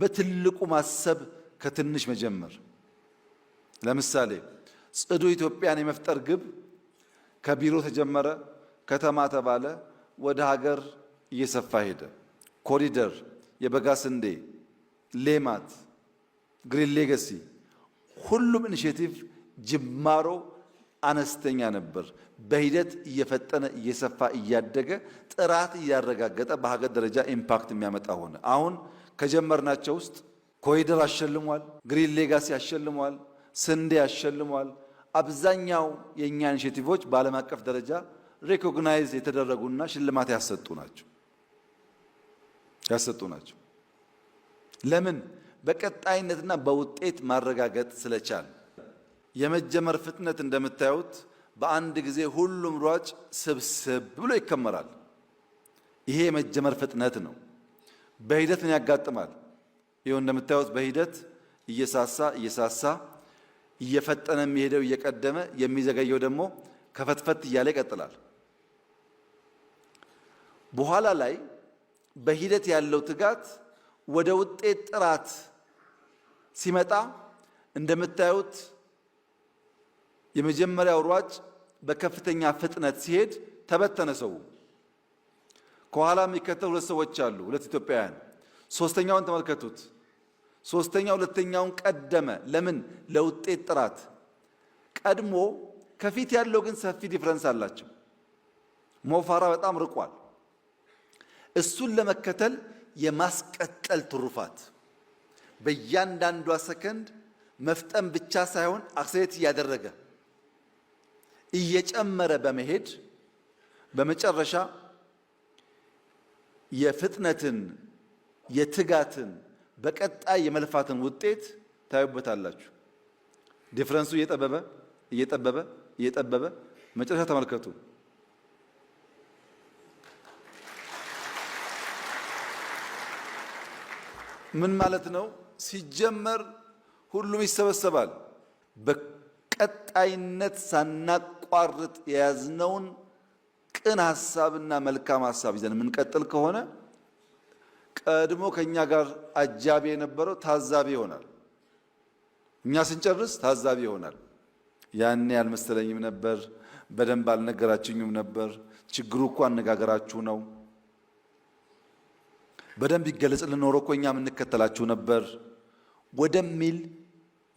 በትልቁ ማሰብ ከትንሽ መጀመር። ለምሳሌ ጽዱ ኢትዮጵያን የመፍጠር ግብ ከቢሮ ተጀመረ፣ ከተማ ተባለ፣ ወደ ሀገር እየሰፋ ሄደ። ኮሪደር፣ የበጋ ስንዴ፣ ሌማት፣ ግሪን ሌጋሲ፣ ሁሉም ኢኒሽቲቭ ጅማሮ አነስተኛ ነበር። በሂደት እየፈጠነ እየሰፋ እያደገ ጥራት እያረጋገጠ በሀገር ደረጃ ኢምፓክት የሚያመጣ ሆነ። አሁን ከጀመርናቸው ውስጥ ኮሪደር አሸልሟል፣ ግሪን ሌጋሲ አሸልሟል፣ ስንዴ አሸልሟል። አብዛኛው የእኛ ኢኒሼቲቮች በዓለም አቀፍ ደረጃ ሬኮግናይዝ የተደረጉና ሽልማት ያሰጡ ናቸው ያሰጡ ናቸው። ለምን? በቀጣይነትና በውጤት ማረጋገጥ ስለቻል። የመጀመር ፍጥነት እንደምታዩት በአንድ ጊዜ ሁሉም ሯጭ ስብስብ ብሎ ይከመራል። ይሄ የመጀመር ፍጥነት ነው። በሂደት ምን ያጋጥማል? ይኸው እንደምታዩት በሂደት እየሳሳ እየሳሳ እየፈጠነ የሚሄደው እየቀደመ የሚዘገየው ደግሞ ከፈትፈት እያለ ይቀጥላል። በኋላ ላይ በሂደት ያለው ትጋት ወደ ውጤት ጥራት ሲመጣ እንደምታዩት የመጀመሪያው ሯጭ በከፍተኛ ፍጥነት ሲሄድ ተበተነ ሰው። ከኋላ የሚከተል ሁለት ሰዎች አሉ፣ ሁለት ኢትዮጵያውያን። ሶስተኛውን ተመልከቱት። ሶስተኛ ሁለተኛውን ቀደመ። ለምን? ለውጤት ጥራት ቀድሞ። ከፊት ያለው ግን ሰፊ ዲፍረንስ አላቸው። ሞፋራ በጣም ርቋል። እሱን ለመከተል የማስቀጠል ትሩፋት በእያንዳንዷ ሰከንድ መፍጠን ብቻ ሳይሆን አክሴት እያደረገ እየጨመረ በመሄድ በመጨረሻ የፍጥነትን፣ የትጋትን፣ በቀጣይ የመልፋትን ውጤት ታዩበታላችሁ። ዲፍረንሱ እየጠበበ እየጠበበ እየጠበበ መጨረሻ ተመልከቱ። ምን ማለት ነው? ሲጀመር ሁሉም ይሰበሰባል። በቀጣይነት ሳናቋርጥ የያዝነውን ቅን ሀሳብና መልካም ሀሳብ ይዘን የምንቀጥል ከሆነ ቀድሞ ከእኛ ጋር አጃቢ የነበረው ታዛቢ ይሆናል። እኛ ስንጨርስ ታዛቢ ይሆናል። ያኔ አልመሰለኝም ነበር፣ በደንብ አልነገራችኝም ነበር፣ ችግሩ እኮ አነጋገራችሁ ነው፣ በደንብ ይገለጽልን ኖሮ እኮ እኛ የምንከተላችሁ ነበር ወደሚል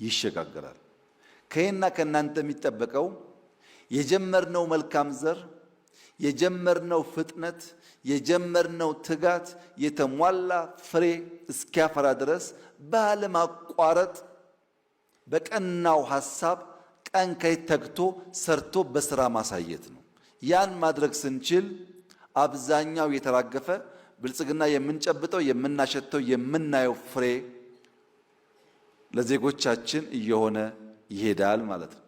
ይሸጋገራል። ከይና ከእናንተ የሚጠበቀው የጀመርነው መልካም ዘር የጀመርነው ፍጥነት የጀመርነው ትጋት የተሟላ ፍሬ እስኪያፈራ ድረስ ባለማቋረጥ በቀናው ሐሳብ ቀን ከሌት ተግቶ ሰርቶ በስራ ማሳየት ነው። ያን ማድረግ ስንችል አብዛኛው የተራገፈ ብልጽግና የምንጨብጠው የምናሸተው የምናየው ፍሬ ለዜጎቻችን እየሆነ ይሄዳል ማለት ነው።